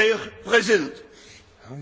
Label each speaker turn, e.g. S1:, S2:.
S1: Herr Präsident!
S2: Oh,